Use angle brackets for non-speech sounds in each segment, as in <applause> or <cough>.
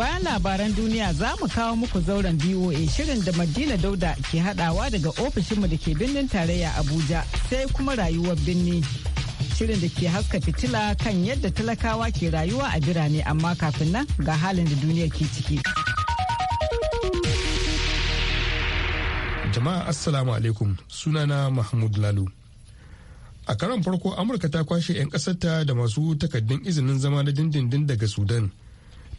bayan labaran duniya za mu kawo muku zauren BOA shirin da Madina Dauda ke hadawa daga ofishinmu da ke birnin tarayya Abuja sai kuma rayuwar birni. Shirin da ke haska fitila kan yadda talakawa ke rayuwa a birane amma kafin nan ga halin da duniya ke ciki. Jama'a Assalamu alaikum sunana Mahmud Lalu. a karon farko amurka ta kwashe 'yan ƙasarta da masu takaddun izinin zama na dindindin daga sudan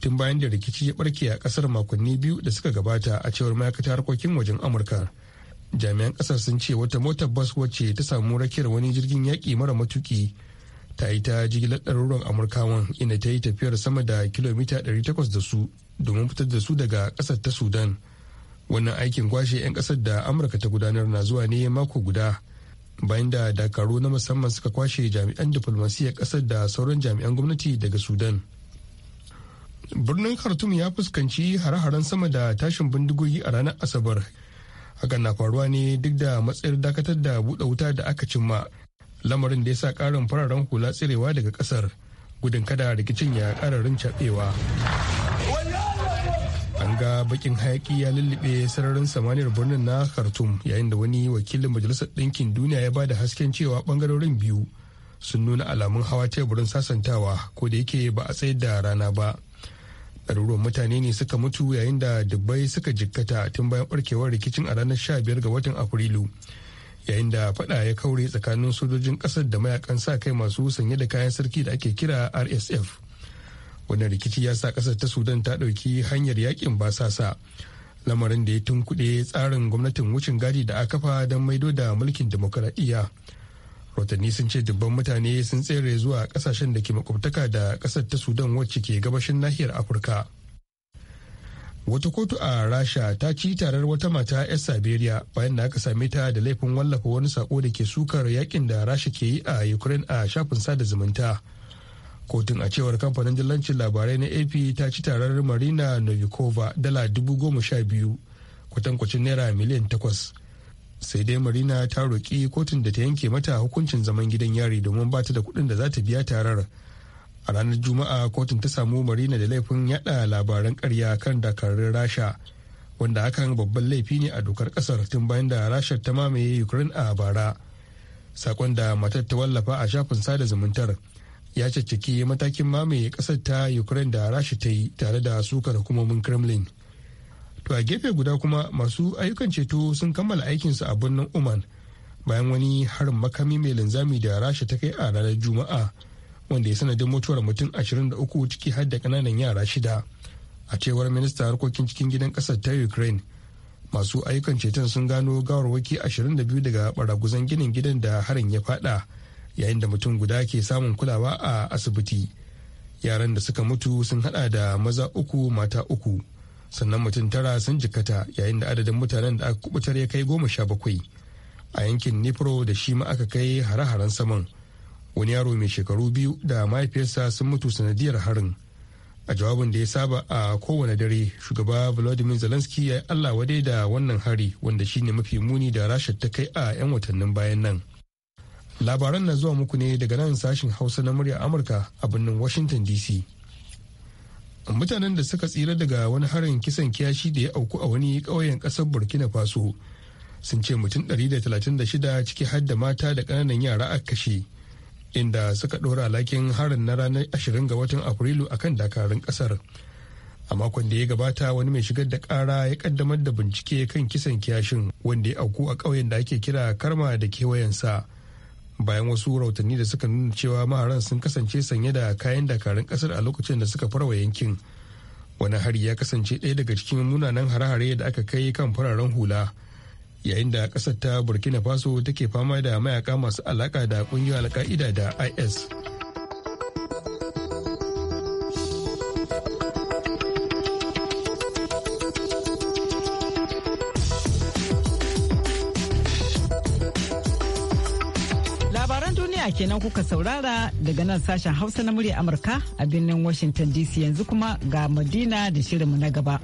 tun bayan da rikici ya barke a kasar makonni biyu da suka gabata a cewar ma'aikatar harkokin wajen amurka jami'an kasar sun ce wata motar bas wacce ta samu rakiyar wani jirgin yaƙi mara matuki ta yi ta jigilar ɗaruruwan amurkawan inda ta yi tafiyar sama da kilomita 800 da su domin fitar da su daga ƙasar ta sudan wannan aikin kwashe 'yan ƙasar da amurka ta gudanar na zuwa ne mako guda bayan da dakaru na musamman suka kwashe jami'an diflomasiyyar ƙasar da sauran jami'an gwamnati daga sudan birnin khartum ya fuskanci hare-haren sama da tashin bindigogi a ranar asabar hakan na faruwa ne duk da matsayar dakatar da buɗe wuta da aka cimma lamarin da ya sa ƙarin fararen hula tsirewa daga ƙasar gudun kada rikicin ya ƙararin caɓewa an ga bakin hayaki ya lullube sararin samaniyar birnin na khartum yayin da wani wakilin majalisar ɗinkin duniya ya ba da hasken cewa ɓangarorin biyu sun nuna alamun hawa teburin sasantawa ko da yake ba a tsayar da rana ba ɗaruruwan mutane ne suka mutu yayin da dubbai suka jikkata tun bayan barkewar rikicin a ranar 15 ga watan afrilu yayin da fada ya kaure tsakanin sojojin ƙasar da mayakan sa kai masu sanye da kayan sarki da ake kira rsf wannan rikici ya sa ƙasar ta sudan ta ɗauki hanyar yakin basasa lamarin da ya tunkuɗe tsarin gwamnatin wucin gadi da aka kafa don maido da mulkin dimokuraɗiyya rotanni sun ce dubban mutane sun tsere zuwa kasashen da ke makwabtaka da kasar ta sudan wacce ke gabashin nahiyar afirka wata kotu a rasha ta ci tarar wata mata 'yar siberia bayan da aka same ta da laifin wallafa wani sako da ke sukar yakin da rasha ke yi a ukraine a shafin sada zumunta kotun a cewar kamfanin dillancin labarai na ap ta ci tarar marina novikova dala dubu kwatankwacin naira miliyan 8. sai dai marina ta roƙi kotun da ta yanke mata hukuncin zaman gidan yari domin ba ta da kuɗin da za ta biya tarar a ranar juma'a kotun ta samu marina da laifin yada labaran karya kan dakarun rasha wanda hakan babban laifi ne a dokar ƙasar tun bayan da rasha ta mamaye ukraine a bara sakon da matar ta wallafa a shafin sada zumuntar ya caccaki matakin mamaye ƙasar ta ukraine da rasha ta yi tare da sukar hukumomin kremlin to a gefe guda kuma masu ayyukan ceto sun kammala aikinsu a birnin oman bayan wani harin makami mai linzami da rasha ta kai a ranar juma'a wanda ya sanadin mutuwar mutum 23 ciki har da kananan yara shida a cewar minista harkokin cikin gidan kasar ta ukraine masu ayyukan ceton sun gano gawarwaki 22 daga baraguzan ginin gidan da harin ya fada yayin da mutum guda ke samun kulawa a asibiti yaran da suka mutu sun hada da maza uku mata uku sannan mutum tara sun jikata yayin da adadin mutanen da aka kubutar ya kai goma sha bakwai a yankin nipro da shi ma aka kai hare-haren saman wani yaro mai shekaru biyu da mahaifiyarsa sun mutu sanadiyar harin a jawabin da ya saba a kowane dare shugaba volodymyr zelensky ya yi allah wadai da wannan hari wanda shine mafi muni da rashar ta kai a 'yan watannin bayan nan labaran na zuwa muku ne daga nan sashin hausa na murya amurka a birnin washington dc mutanen da suka tsira daga wani harin kisan kiyashi da ya auku a wani ƙauyen ƙasar burkina faso sun ce mutum 136 ciki har da mata da ƙananan yara a kashe inda suka ɗora alakin harin na ranar 20 ga watan afrilu a kan dakarun ƙasar a makon da ya gabata wani mai shigar da ƙara ya ƙaddamar da bincike kan kisan kiyashin wanda ya auku a ƙauyen da ake kira karma da kewayensa bayan wasu rautanni da suka nuna cewa maharan sun kasance sanye da kayan dakarun kasar a lokacin da suka farwa yankin wani hari ya kasance ɗaya daga cikin munanan hare-hare da aka kai kan fararen hula yayin da ƙasar ta burkina faso take fama da mayaka masu alaka da ƙungiyar alka'ida da is kenan kuka saurara daga nan sashen Hausa na murya Amurka a birnin Washington DC yanzu kuma ga Madina da shirinmu na gaba.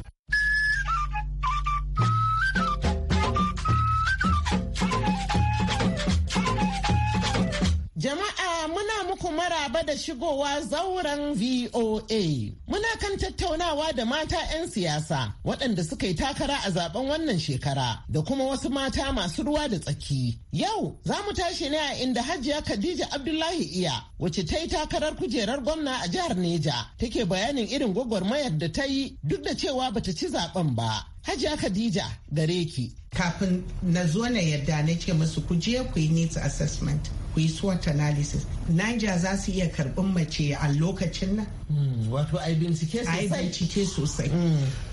shigowa zauren VOA. Muna kan tattaunawa da mata 'yan siyasa waɗanda suka yi takara a zaben wannan shekara da kuma wasu mata masu ruwa da tsaki. Yau za mu tashi ne a inda Hajiya Khadija Abdullahi Iya wacce ta yi takarar kujerar gwamna a jihar Neja take bayanin irin gwagwarmayar da ta yi duk da cewa ba ta ci zaben ba. Hajiya Khadija gare ki. Kafin na zo na yarda na ce musu ku je ku yi needs assessment. ku yi SWOT analysis Niger za su iya karɓin mace a lokacin nan hmm, wato a bincike sosai a bincike sosai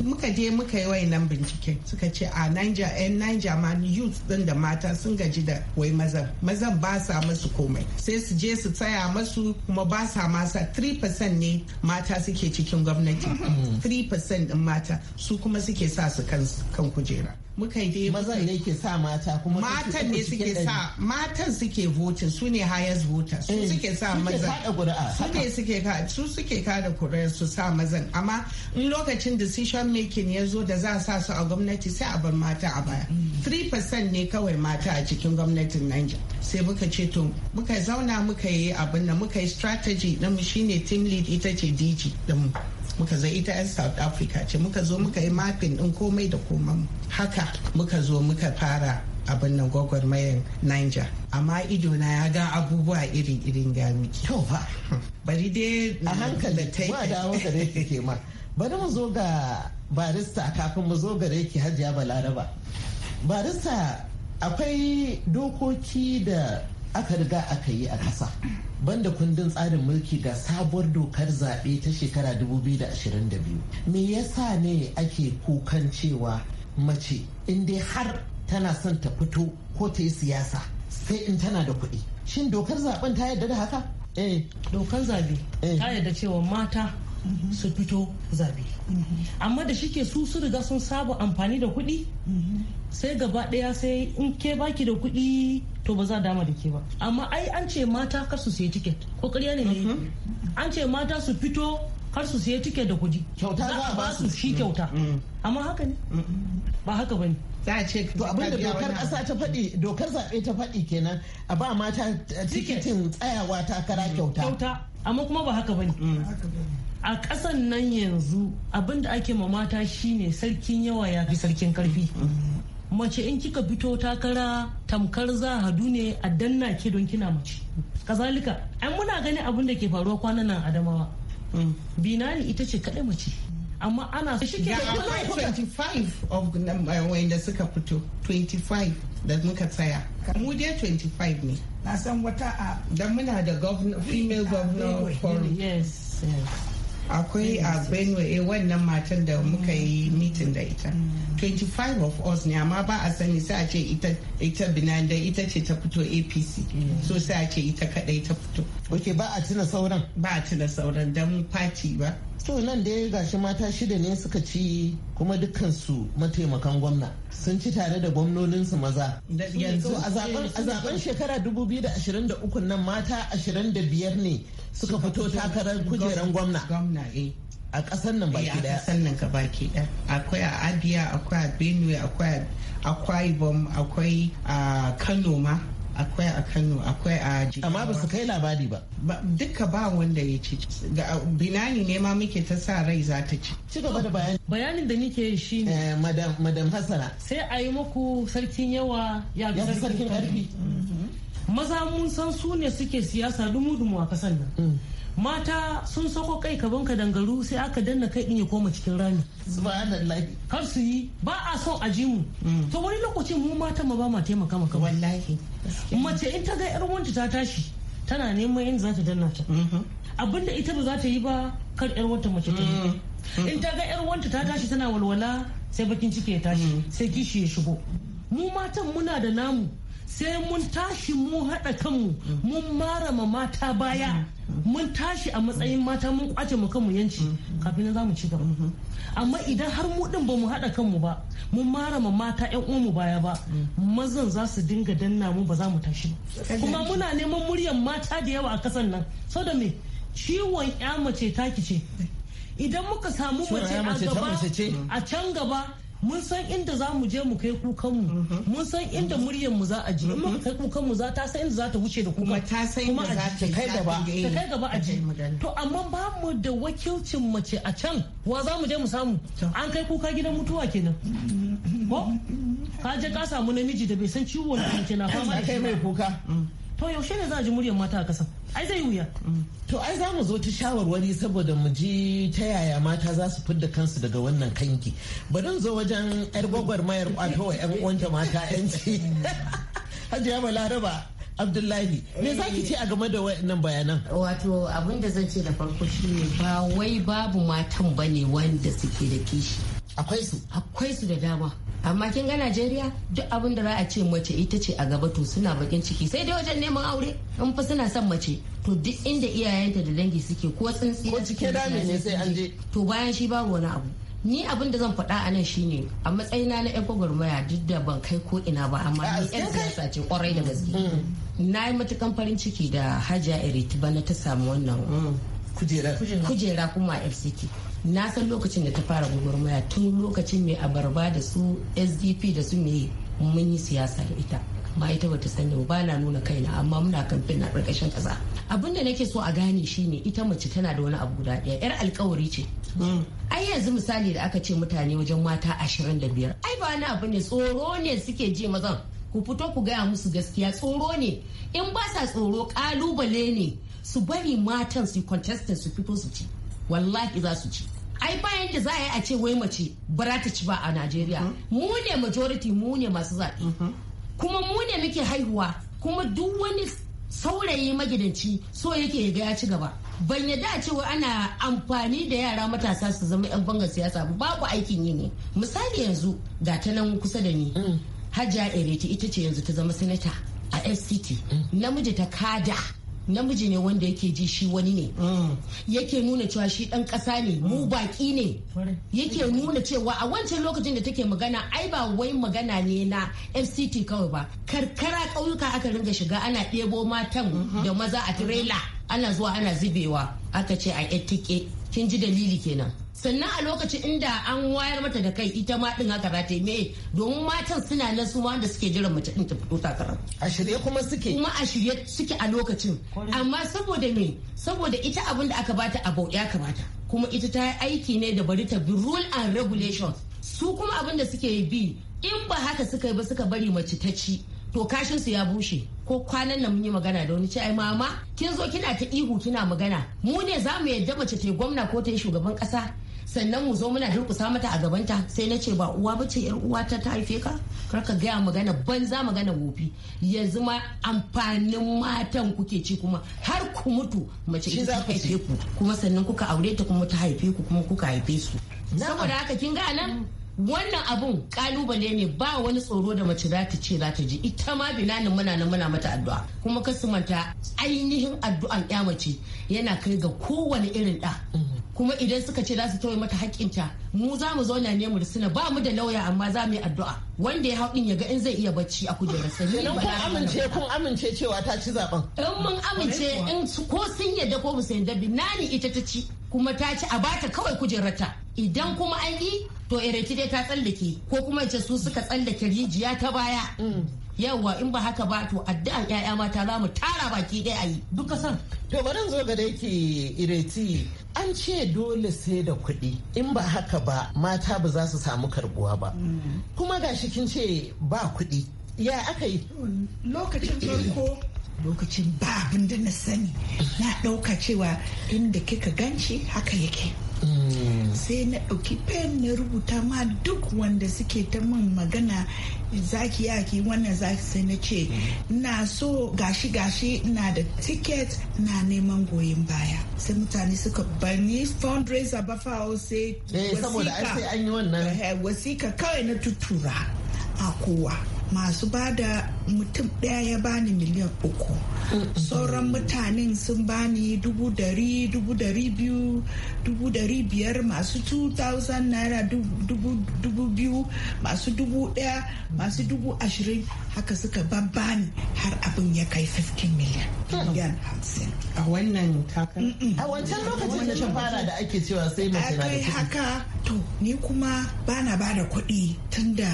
muka je muka yi nan bincike suka ce a Niger yan eh, Niger ma youth ɗin da mata sun gaji da wai mazan mazan ba sa musu komai sai su je su tsaya masu kuma ba sa masa 3% ne mata suke cikin gwamnati 3% hmm. ɗin mata su kuma suke sa su kan kujera muka yi dai mazan ne ke sa mata kuma matan ne suke sa matan suke votin su ne highest voter su eh, suke sa mazan su ne suke ka su suke ka da kuri'ar su sa mazan amma in lokacin decision making ya zo da za a sa su a gwamnati sai a bar mata a baya 3% ne kawai mata a cikin gwamnatin Niger sai muka ce to muka zauna muka yi abin nan muka yi strategy na mu shine team lead ita ce DG da mu muka zo ita 'yan south africa ce muka zo muka yi mapping din komai da komai haka muka zo muka fara abin nan gwagwarmayar niger amma ido ya ga abubuwa iri irin gami kyau ba <laughs> bari dai a hankali ba da ke ma bari mu zo ga barista kafin mu zo Hajji ya hajiya balaraba barista akwai dokoki da aka riga aka yi a ƙasa banda kundin tsarin mulki ga sabuwar dokar zaɓe ta shekara 2022 me yasa ne ake kukan cewa mace in dai har tana son ta fito ko ta yi siyasa sai in tana da kuɗi shin dokar zaben ta yarda da haka eh dokar zabe eh. ta yarda cewa mata mhm. su fito zabe mhm. amma da shike su su riga sun saba amfani da kuɗi mhm. sai gaba ɗaya sai in ke baki da kuɗi to ba za dama da ke ba amma ai an ce mata kar su sayi tiket ko ƙarya ne an ce mata su fito har su siya tike da kuɗi kyauta za a ba su shi kyauta mm. amma haka ne ba haka bane za a ce to abinda dokar ƙasa ta faɗi dokar zaɓe ta faɗi kenan a ba mata tikitin tsayawa takara mm. kyauta kyauta amma kuma ba haka bane mm. a ƙasan nan yanzu abinda ake ma mata shine sarkin yawa ya fi sarkin karfi mace in kika fito takara tamkar za hadu ne a danna ke don kina mace kazalika ai muna gani abin da ke faruwa kwanan nan adamawa binani ita ce kaɗai mace amma ana shi ke da 25 of eh, wanda suka fito 25 da muka tsaya mu dai 25 ne na san wata a da muna da female governor forum yes, yes. akwai a benue eh, wannan matan da muka mm. yi mitin da ita 25 mm. of us ne amma ba a sani sai a ce ita binanda ita ce ta fito apc mm. so sai a ce ita kadai ta fito ok ba a tuna sauran ba a tuna sauran don party ba to nan dai gashi mata shida ne suka ci kuma dukkansu mataimakan gwamna sun ci tare da gwamnoninsu maza yanzu a zaben shekara 2023 nan mata 25 ne suka fito takarar kujeran gwamna eh. a kasar nan baki daya eh, a kasar nan ka baki daya akwai a abia akwai a benue akwai a akwai akwai a ah, kano ma akwai a kano akwai a jigawa amma ba su kai labari ba duka ba wanda ya ci ga binani ne ma muke ta sa rai za ta ci ci gaba da bayani bayanin da nike shi ne. Eh, madam sai a yi muku sarkin yawa ya sarkin karfi maza mun san su ne suke siyasa dumu-dumu a kasan nan mm. mata sun sako kai kaban ka dangaru sai aka danna kai din ya koma cikin rami kar su yi ba a son a ji mu mm. to wani lokacin mu mata ma ba ma taimaka maka wallahi mace in ta ga yar wanta ta tashi tana neman yin za ta danna ta mm-hmm. abinda ita ba za ta yi ba kar yar wanta mace ta yi mm. mm-hmm. in ta ga yar wanta ta tashi tana walwala sai bakin ciki ya tashi sai kishi ya shigo mu matan muna da namu sai mun tashi mun haɗa kanmu mun mara ma mata baya mun tashi a matsayin mata mun kwace mu kanmu yanci kafin za mu ci gaba amma idan har mu din ba mu haɗa kanmu ba mun mara ma mata yan uwanmu baya ba mazan za su dinga danna mu ba za mu tashi kuma muna neman muryan mata da yawa a kasan nan saboda me ciwon ya mace taki ce idan muka samu mace a gaba a can gaba mun san inda za mu je mu kai kukanmu mhm. mun san inda muryar mu za a ji in muka mhm. kai kukanmu za ta san inda za ta wuce da kuka ta san inda za ta kai gaba ta kai gaba a ji to amma ba mu da wakilcin mace a can wa za mu je mu samu an kai kuka gidan mutuwa kenan ko ka je ka samu namiji da bai san ciwon da ke na fama da kai mai kuka to yaushe ne za a ji muryar mata a kasan ai zai wuya to ai za mu zo ta shawarwari saboda mu ji ta yaya mata za su fidda kansu daga wannan kanki bari zo wajen yar mayar kwato wa yan uwanta mata yanci <laughs> hajiya balaraba abdullahi me za ki ce a game da wayannan bayanan wato abin da zan ce da farko ne. ba wai babu matan bane wanda suke da kishi akwai su akwai su da dama amma kin ga najeriya duk abin da za a ce mace ita ce a gaba to suna bakin ciki sai dai wajen neman aure in fa suna son mace to duk inda iyayenta da dangi suke ko tsintsiya ko cike dami ne sai an je to bayan shi babu wani abu ni abin da zan faɗa a nan shine a matsayina na yan gwagwarmaya duk da ban kai ko ina ba amma ni yan siyasa ce kwarai da gaske mm. na yi matukan farin ciki da hajiya erit bana ta samu wannan mm. kujera kuma fct na san lokacin da ta fara gwagwarmaya tun lokacin mai abarba da su sdp da su ne mun yi siyasa da ita ba ita bata sani ba na nuna kaina amma muna kamfen na ƙarƙashin ƙasa abin da nake so a gane shine ita mace tana da wani abu guda ɗaya yar alkawari ce mm. ai yanzu misali da aka ce mutane wajen mata ashirin da biyar ai ba wani abu ne tsoro ne suke ji mazan ku fito ku gaya musu gaskiya tsoro ne in ba sa tsoro ƙalubale ne su bari matan su contestant su fito su ci wallahi za su ci ai bayan da za a yi a ce wai mace bara ta ci ba a najeriya mu ne majority mu ne masu zaɓe kuma mu ne muke haihuwa kuma duk wani saurayi magidanci so yake ga ya ci gaba ban yadda a cewa ana amfani da yara matasa su zama 'yan bangar siyasa babu aikin yi ne misali yanzu ga ta nan kusa da ni mm. hajiya ereti ita ce yanzu ta zama sanata a fct mm. namiji ta kada namiji ne wanda yake ji shi wani ne mm. yake nuna cewa shi dan kasa ne mm. mu baki ne yake nuna cewa a wancan lokacin da take magana ai ba wai magana ne na fct kawai ba karkara ƙauyuka aka ringa shiga ana ɗebo matan mm-hmm. da maza a tirela ana zuwa ana zubewa aka ce a etike kin ji dalili kenan sannan a lokacin inda an wayar mata da kai ita ma din haka za ta me domin matan suna nan su wanda suke jiran mace din ta fito takarar a shirye kuma suke kuma a shirye suke a lokacin amma saboda me saboda ita abin da aka bata a ya kamata kuma ita ta aiki ne da bari ta bi rule and regulation. su kuma abin da suke bi in ba haka suka yi ba suka bari mace ta ci to kashin su ya bushe ko kwanan nan mun yi magana da wani ce ai mama kin zo kina ta ihu kina magana mu ne za mu yadda mace ta gwamna ko ta yi shugaban kasa sannan mu zo muna durkusa mata a gabanta sai na ce ba uwa ba ce yar uwa ta haife ka kar ka gaya magana banza magana gobe yanzu ma amfanin matan kuke ci kuma har ku mutu mace ita ta haife ku kuma sannan kuka aure ta kuma ta haife ku kuma kuka haife su saboda haka kin ga nan wannan abun kalubale ne ba wani tsoro da mace za ta ce za ta ji ita ma binanin muna nan muna mata addu'a kuma kasumanta ainihin addu'an ya mace yana kai ga kowane irin da kuma idan suka ce za su tauye mata haƙƙinta mu za mu zauna ne mu risina ba mu da lauya amma za mu yi addu'a wanda ya haɗin ya ga in zai iya bacci a kujerar sa ne kun amince kun amince cewa ta ci zaben in mun amince in ko sun yadda ko ba su yadda binani ita ta ci kuma ta ci a bata kawai kujerarta idan kuma an yi to dai ta tsallake ko kuma ce su suka tsallake rijiya ta baya mm. Yawwa in ba haka ba to addu'an 'ya'ya mata za mu tara baki ɗaya a yi duka san to bari zo ga da yake ireti an ce dole sai da kuɗi in ba haka ba mata ba za su samu karbuwa ba mm. kuma ga shi kin ce ba kuɗi ya aka yi lokacin farko lokacin ba abin da na sani na ɗauka cewa inda kika ganci haka yake sai na ɗauki pen na rubuta ma duk wanda suke ta min magana zaki yaki wannan zaki sai na ce na so gashi gashi na da ticket na neman goyon baya sai mutane suka bani fundraiser ba fa sai eh, eh, wasika kawai na tutura a kowa masu ba da mutum ɗaya ya bani miliyan uku sauran mutanen sun bani dubu dari dubu dari biyu dubu dari biyar masu 2000 naira dubu biyu masu dubu ɗaya masu dubu ashirin haka suka bani har abin ya kai 15 miliyan miliyan hamsin a wannan takan a wancan lokacin da fara da ake cewa sai mace na da haka to ni kuma bana bada kuɗi tunda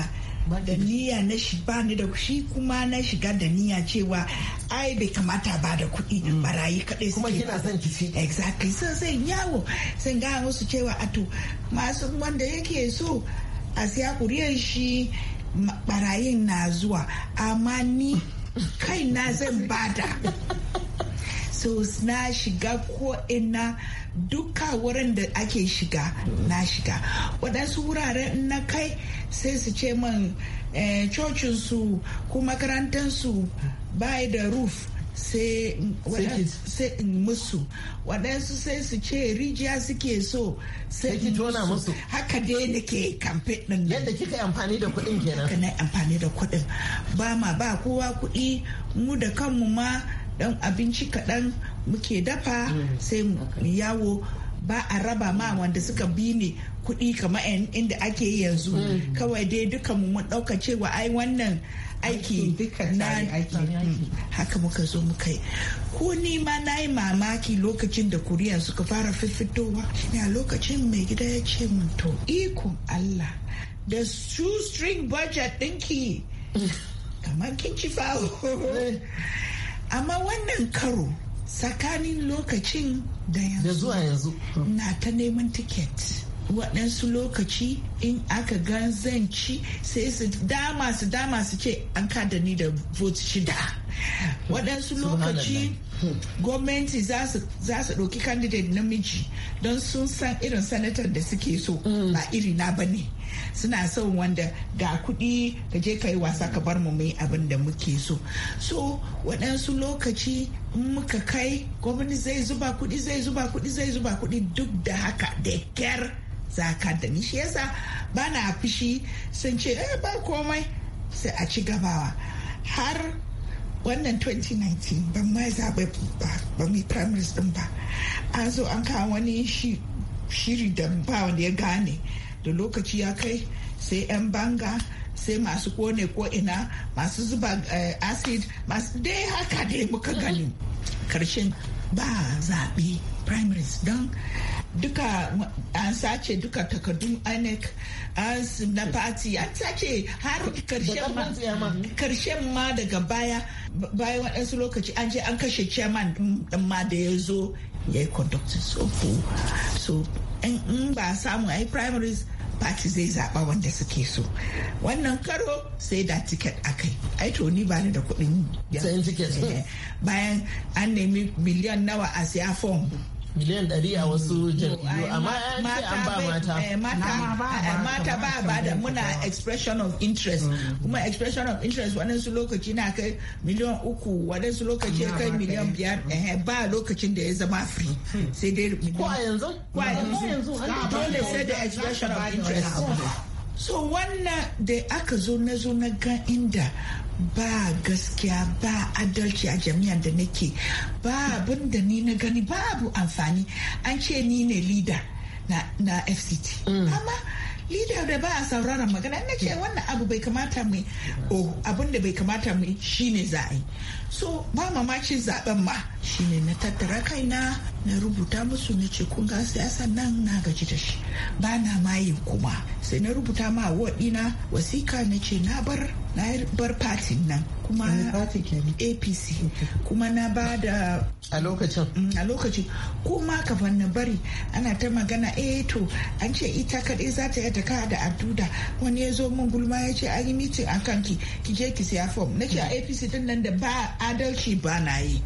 da niyya na shi ba ni da shi kuma na shiga da niyya cewa ai bai kamata ba da kuɗi mm. barayi kaɗai kuma kina son ki ci exactly so zan yawo zan ga musu cewa ato masu wanda yake so a siya kuriyar shi barayin na zuwa amma ni <laughs> kai na zan bada so na shiga ko ina duka wurin da ake shiga na shiga waɗansu wuraren na kai sai su ce man eh, su ko makarantansu bai da roof sai in musu waɗansu sai su ce rijiya suke so sai ki tona musu haka dai nake kamfe ɗin yadda kika amfani da kuɗin kenan kana amfani da kuɗin ba ma ba kowa kuɗi mu da kanmu ma dan abinci kaɗan muke dafa mm. sai mu yawo ba a raba ma wanda suka bi ne kuɗi kamar inda ake yanzu mm. kawai dai duka mu mun ɗauka cewa ai wannan aiki na mm. haka muka zo muka yi ko ni ma na yi mamaki lokacin da kuriya suka fara fitowa shine a lokacin mai gida ya ce mun to ikon allah da shoestring budget ɗinki <laughs> kamar kin ci fawo amma wannan karo tsakanin lokacin da yanzu na ta neman tiket waɗansu lokaci in aka gan zanci sai su dama su dama su ce an kada ni da vote shida waɗansu lokaci gwamnati za su ɗauki candidate namiji don sun san irin sanatar da suke so mm. ba iri na ba ne suna son wanda ga kuɗi ka je ka wasa ka bar mu mai abin da muke so so waɗansu lokaci in muka kai gwamnati zai zuba kuɗi zai zuba kuɗi zai zuba kuɗi duk da haka da kyar za ka da ni shi yasa ba na fushi sun ce eh, ba komai sai a ci gabawa har wannan 2019 ban mai zaɓe ba ba mai primaries din ba an zo an kawo wani shiri da ba wanda ya gane da lokaci ya kai sai 'yan banga sai masu kone ko ina masu zuba eh, acid masu dai haka dai muka gani karshen ba zaɓe primaries don duka an sace duka takardun INEC na party an sace har karshen ma daga baya bayan waɗansu lokaci an je an kashe chairman ma da ya zo ya yi conductor so so in ba samu ayi primaries party zai zaɓa wanda suke so wannan karo sai da tiket akai ai to ni ba ni da kuɗin sayan tiket eh, bayan an nemi miliyan nawa a siya form miliyan ɗari a wasu jam'iyyu amma an ce an ba eh, eh, mata mata ba ba da muna expression of interest mm. kuma expression of interest waɗansu lokaci na kai miliyan uku waɗansu lokaci kai miliyan biyar eh, ba lokacin da ya zama free sai dai ko a yanzu ko a yanzu dole sai da expression of interest so wannan da aka zo na zo na ga inda ba gaskiya ba adalci a jami'ar da nake ba abin da ni na gani babu amfani an ce ni ne leader na, fct mm. amma leader da ba a sauraron magana na ce wannan abu bai kamata mu oh abin da bai kamata mu shine za'ai so ba mamakin zaben ma shine na tattara kaina na rubuta musu na ce kun ga siyasan nan na gaji da shi ba na mayin kuma sai na rubuta ma waɗina wasika na ce na bar na bar patin nan kuma apc kuma na ba da a lokacin mm, a lokacin kuma kafin na bari ana ta magana eh to an ce ita kaɗai za ta yi da aduda wani ya zo min gulma ya ce an yi mitin a kanki ki je ki siya fom na ce a apc din nan da ba adalci ba na yi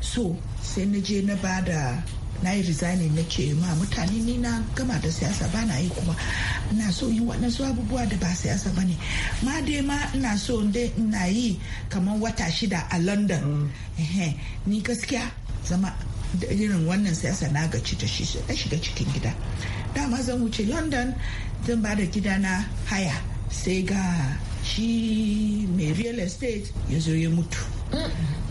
so sai na je na bada na yi resigning na ce ma mutane ni na gama da siyasa ba na yi kuma ina so yin waɗansu abubuwa da ba siyasa ba ne ma dai ma na so dai ina yi kamar wata shida a london mm. ni gaskiya zama irin wannan siyasa na gaci da shi na shiga cikin gida dama zan wuce london zan ba da gida na haya sai ga shi mai real estate ya zo ya mutu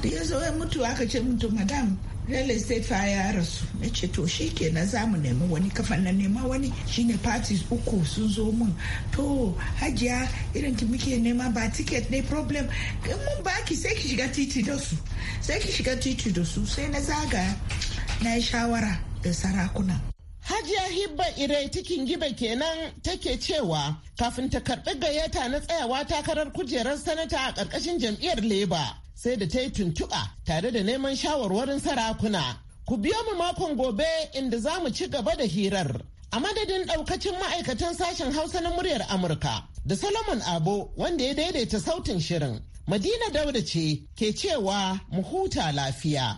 da ya zo ya mutu aka ce mutu madam real estate fa ya rasu ya ce to shi kenan za mu nemi wani kafan na nema wani shine parties uku sun zo mun to hajiya irin ki muke nema ba ticket ne problem in mun baki sai ki shiga titi da su sai ki shiga titi da su sai na zaga na yi shawara da sarakuna Hajiya Hibba Ire cikin gibe kenan take cewa kafin ta karɓi gayyata na tsayawa takarar kujerar sanata a ƙarƙashin jam'iyyar Leba. sai da ta yi tuntuɓa tare da neman shawarwarin sarakuna. Ku biyo mu makon gobe inda za mu ci gaba da hirar. A madadin ɗaukacin ma'aikatan sashen Hausa na muryar Amurka da Solomon Abo wanda ya daidaita sautin shirin. Madina Dauda ce ke cewa mu huta lafiya.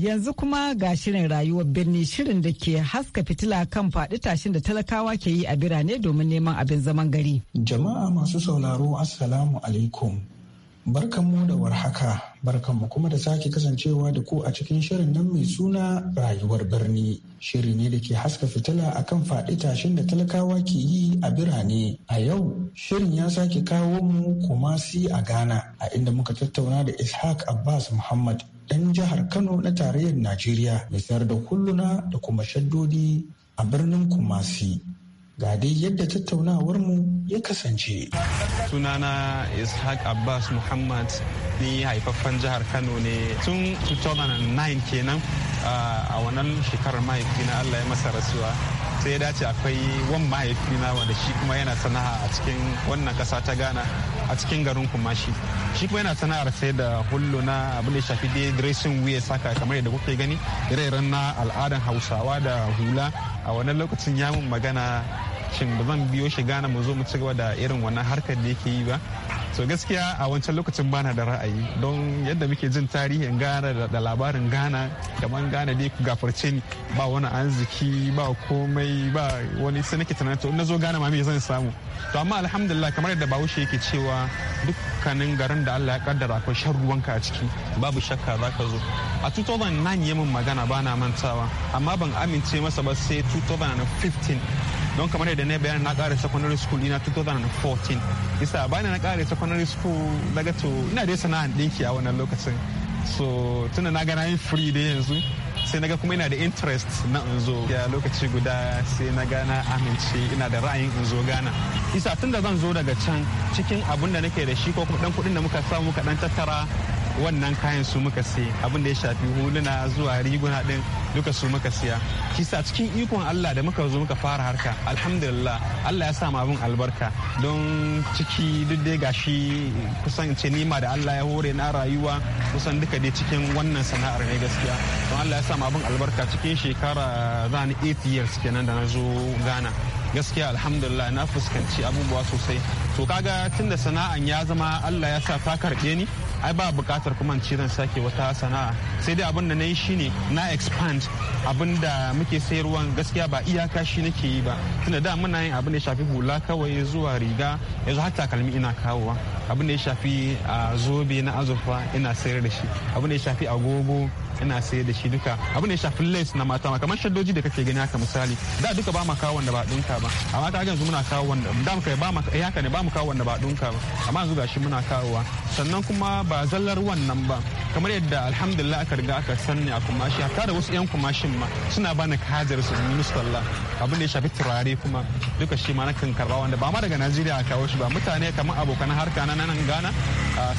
Yanzu kuma ga shirin rayuwar birni shirin da ke haska fitila kan faɗi tashin da talakawa ke yi a birane domin neman abin zaman gari. Jama'a masu sauraro Assalamu alaikum. Barkanmu da warhaka, mu kuma da sake kasancewa da ku a cikin shirin nan mai suna rayuwar birni. Shiri ne da ke haska fitila a kan faɗi tashin da talakawa ke yi a birane. A yau, shirin ya sake kawo mu Kumasi a Ghana, a inda muka tattauna da Ishaq Abbas Muhammad, Dan jihar Kano na tarayyar Najeriya mai sayar da kulluna da kuma shaddodi a birnin Kumasi. Ga dai yadda tattaunawarmu ya kasance. Sunana Ishaq Abbas Muhammad ni haifaffen jihar Kano ne tun 2009 kenan uh, a wannan shekarar mahaifina Allah ya masa rasuwa. sai ya dace akwai wan mahaifina wanda shi kuma yana sana'a a cikin wannan kasa ta ghana a cikin garin kumashi shi kuma yana sana'ar sai da hullu na abin da shafi dai dressing wuya saka kamar yadda kuke gani ire-iren na aladar hausawa da hula a wannan lokacin yamun magana shin ba zan biyo shi gana mu zo mu ci gaba da irin wannan harkar da yake yi ba so gaskiya a wancan lokacin bana da ra'ayi don yadda muke jin tarihin gana da labarin gana kamar gana dai ku gafarce ni ba wani arziki ba komai ba wani sai nake tunanin to na zo gana ma me zan samu to amma alhamdulillah kamar yadda bahaushe yake cewa dukkanin garin da Allah ya kaddara akwai shan ruwanka a ciki babu shakka za ka zo a 2009 min magana bana mantawa amma ban amince masa ba sai 2015 don kamar yadda na bayanin na kare secondary school ina 2014 isa bayan na kare secondary school daga to ina dai sana'a dinki a wannan lokacin so tunda na gana yin free da yanzu sai naga kuma ina da interest na unzo ya lokaci guda sai na gana amince ina da ra'ayin unzo gana isa tunda zan zo daga can cikin abun da nake da shi ko kuma dan kudin da muka samu muka dan tattara wannan kayan su muka siya abin da ya shafi huluna zuwa riguna din duka su muka siya kisa cikin ikon Allah da muka zo muka fara harka alhamdulillah Allah ya sa mu abin albarka don ciki duk dai gashi kusan ce nima da Allah ya hore na rayuwa kusan duka dai cikin wannan sana'ar ne gaskiya don Allah ya sa mu abin albarka cikin shekara zan 8 years kenan da na zo Ghana gaskiya alhamdulillah na fuskanci abubuwa sosai to kaga tunda sana'an ya zama Allah ya sa ta karbe ni ai ba bukatar kuma cizon sake wata sana'a sai dai abin da na yi shine na expand abin da muke sayarwa gaskiya ba iyaka shi nake yi ba tunda da muna yin abin da ya shafi hula kawai zuwa riga yanzu har takalmi ina kawowa abin da ya shafi a zobe na azurfa ina sayar da shi abin da ya shafi agogo ina sayar da shi duka abin da ya shafi lace na mata kamar shaddoji da kake gani haka misali da duka ba ma kawo wanda ba dinka ba amma ta yanzu muna kawo wanda da muka ba mu eh haka ne ba mu kawo wanda ba dinka ba amma yanzu gashi muna kawowa sannan kuma ba zallar wannan ba kamar yadda alhamdulillah aka riga aka sanni a kumashi hatta da wasu yan kumashin ma suna bani kajar su musalla abin da ya shafi turare kuma duka shi ma na kan karba wanda ba ma daga najeriya a kawo shi ba mutane kamar abokan harka na nan ghana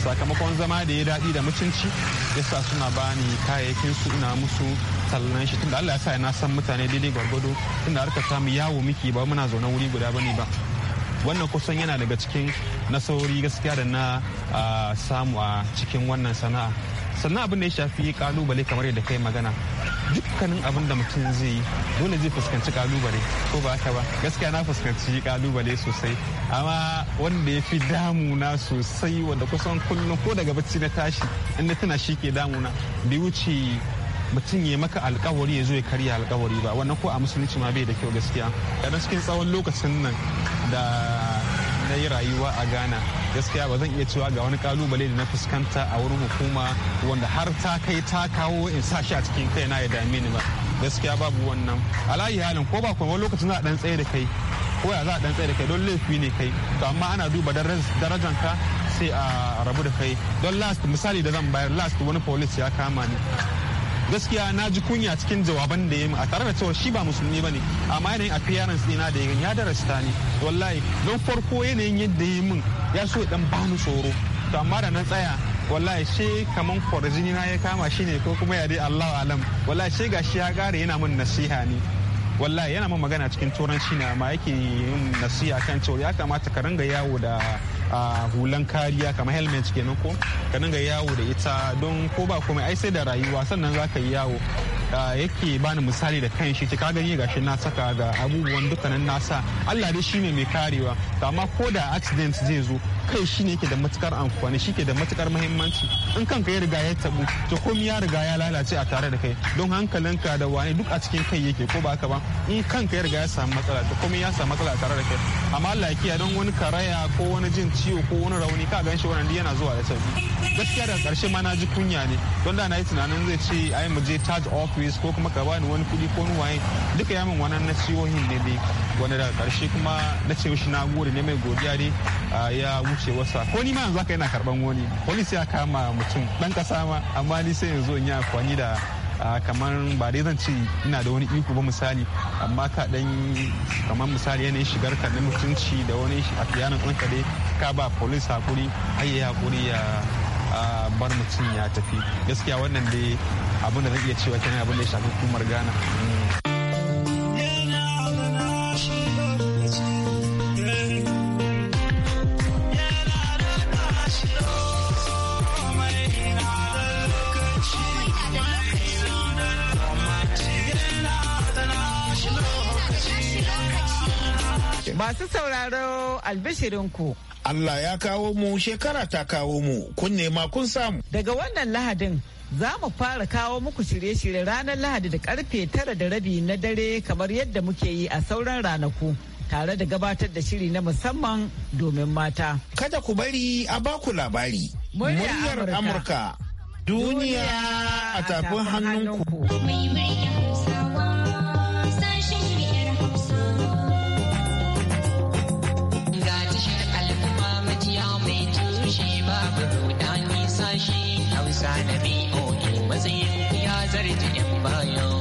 sakamakon zama da ya daɗi da mutunci yasa suna bani kayayyakin su ina musu sallan shi tunda allah ya sa na san mutane daidai gwargwado tunda harka samu yawo miki ba muna zaune wuri guda bane ba wannan kusan yana daga cikin nasarori gaskiya da na samu a cikin wannan sana'a sannan abin da ya shafi kalubale kamar yadda kai magana dukkanin abin da mutum zai yi dole zai fuskanci kalubale ko ba haka ba gaskiya na fuskanci kalubale sosai amma wanda ya fi damuna sosai wanda kusan kullum ko daga bacci na tashi inda tana shi ke damuna bai wuce mutum ya maka alkawari ya zo ya karya alkawari ba wannan ko a musulunci ma bai da kyau gaskiya da cikin tsawon lokacin nan da na yi rayuwa a ghana gaskiya ba zan iya cewa ga wani kalubale da na fuskanta a wurin hukuma wanda har ta kai ta kawo in sa shi a cikin kai na ya dame ni ba gaskiya babu wannan alayi halin ko ba kuma lokacin za a dan tsaye da kai ko ya za a dan tsaye da kai don laifi ne kai to amma ana duba darajan ka sai a rabu da kai don last misali da zan bayar last wani police ya kama ni gaskiya na ji kunya cikin jawaban da ya yi a tare da cewa shi ba musulmi ba ne amma yanayin appearance ɗina da ya gani ya darasta ni wallahi don farko yanayin yadda ya yi min ya so dan ba ni tsoro to amma da na tsaya wallahi she kaman kwarjini na ya kama shi ne ko kuma ya dai Allahu alam wallahi she gashi ya gare yana min nasiha ne wallahi yana min magana cikin turanci na ma yake yin nasiha kan cewa ya kamata ka ringa yawo da a hulan kariya kamar helmet kenan ko ka dinga yawo da ita don ko ba komai ai sai da rayuwa sannan za ka yi yawo yake bani misali da kan shi ka gani gashi na saka ga abubuwan dukkanin nasa Allah dai shine mai karewa amma ko da accident zai zo kai shi ne ke da matukar amfani shi ke da matukar mahimmanci in kanka ya riga ya tabu to komai ya riga ya lalace a tare da kai don hankalinka da wani duk a cikin kai yake ko ba ka ba in kanka ya riga ya samu matsala to komai ya samu matsala a tare da kai amma Allah ya don wani karaya ko wani jin ciwo ko wani rauni ka gan shi wannan yana zuwa da sauki gaskiya daga karshe ma na ji kunya ne don da na yi tunanin zai ce ai mu je charge office ko kuma ka bani wani kuɗi ko waye duka ya min wannan na hin ne dai wani daga karshe kuma na ce shi na gode ne mai godiya dai ya wuce wasa ko ni ma yanzu yana karban wani polis ya kama mutum dan kasa ma amma ni sai yanzu in yi amfani da kamar ba dai zan ce ina da wani iko ba misali amma ka dan kamar misali yanayin shigar ka na mutunci da wani a fiyanin ɗanka dai ka ba polis hakuri ayi hakuri ya bar mutum ya tafi gaskiya wannan dai abin da zan iya cewa kenan abin da ya shafi hukumar ghana hmm. masu sauraro albishirinku. Allah ya kawo mu shekara ta kawo mu kun nema kun samu. Daga wannan lahadin za mu fara kawo muku shirye-shirye ranar lahadi da karfe tara da rabi na dare kamar yadda muke yi a sauran ranaku. tare da gabatar da shiri na musamman domin mata. Kada ku bari a baku labari. Muryar Amurka. Duniya a tafin hannunku. Hausa na matsayin ya zarce 'yan bayan.